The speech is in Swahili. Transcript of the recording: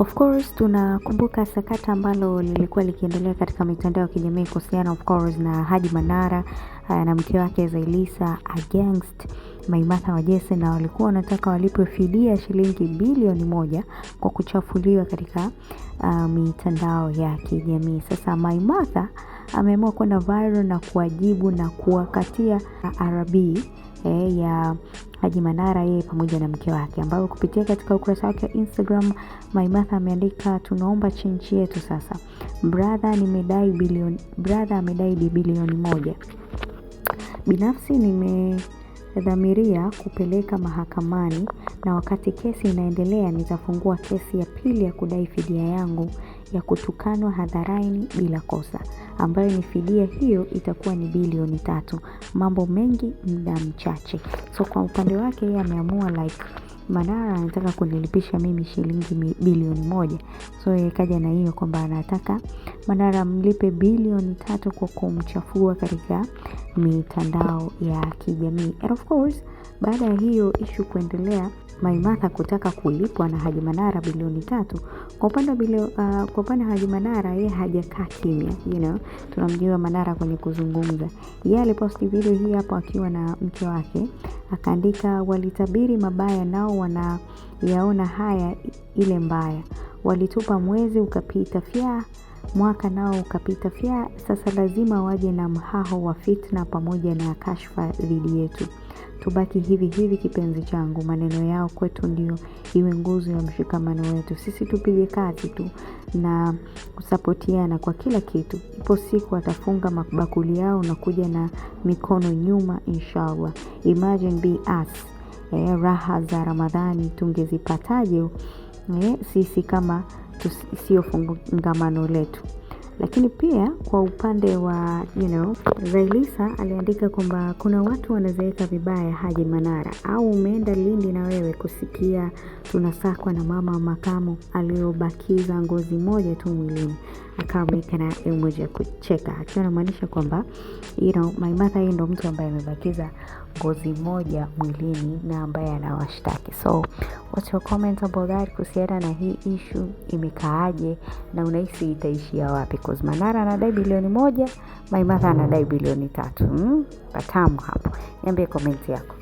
Of course tunakumbuka sakata ambalo lilikuwa likiendelea katika mitandao ya kijamii kuhusiana of course na Haji Manara eh, na mke wake Zailisa against maimatha wa Jesse na walikuwa wanataka walipwe fidia shilingi bilioni moja kwa kuchafuliwa katika uh, mitandao ya kijamii. Sasa maimatha ameamua kwenda viral na kuwajibu na kuwakatia RB e, ya Haji Manara yeye pamoja na mke wake, ambao kupitia katika ukurasa wake wa Instagram maimatha ameandika tunaomba chenji yetu sasa, brother nimedai bilioni, brother amedai bilioni moja. Binafsi nimedhamiria kupeleka mahakamani na wakati kesi inaendelea nitafungua kesi ya pili ya kudai fidia yangu ya kutukanwa hadharani bila kosa ambayo ni fidia hiyo itakuwa ni bilioni tatu. Mambo mengi muda mchache. So kwa upande wake yeye ameamua like Manara anataka kunilipisha mimi shilingi bilioni moja. So yeye kaja na hiyo kwamba anataka Manara mlipe bilioni tatu kwa kumchafua katika mitandao ya kijamii. And of course, baada ya hiyo ishu kuendelea Maimartha kutaka kulipwa na Haji Manara bilioni tatu. Kwa upande uh, kwa upande Haji Manara yeye hajakaa kimya, you know. Tunamjua Manara kwenye kuzungumza. Yeye aliposti video hii hapo akiwa na mke wake, akaandika walitabiri mabaya nao wanayaona haya ile mbaya. Walitupa mwezi ukapita fyaa, mwaka nao ukapita fyaa. Sasa lazima waje na mhaho wa fitna pamoja na kashfa dhidi yetu. Tubaki hivi hivi, kipenzi changu, maneno yao kwetu ndio iwe nguzo ya mshikamano wetu. Sisi tupige kazi tu na kusapotiana kwa kila kitu. Ipo siku watafunga mabakuli yao na kuja na mikono nyuma, inshallah. Imagine be us e, raha za Ramadhani tungezipataje e, sisi kama sio fungamano letu. Lakini pia kwa upande wa you know, Zailisa aliandika kwamba kuna watu wanazeeka vibaya Haji Manara, au umeenda Lindi na wewe kusikia tunasakwa na mama makamu aliyobakiza ngozi moja tu mwilini, akaweka na moja kucheka, akiwa anamaanisha kwamba you know, maimadha hii ndo mtu ambaye amebakiza ngozi moja mwilini na ambaye anawashtaki. So what's your comment about that kuhusiana na hii ishu imekaaje na unahisi itaishia wapi? Cause Manara anadai bilioni moja, maimadha anadai bilioni tatu. Hmm? Patamu hapo, niambie komenti yako.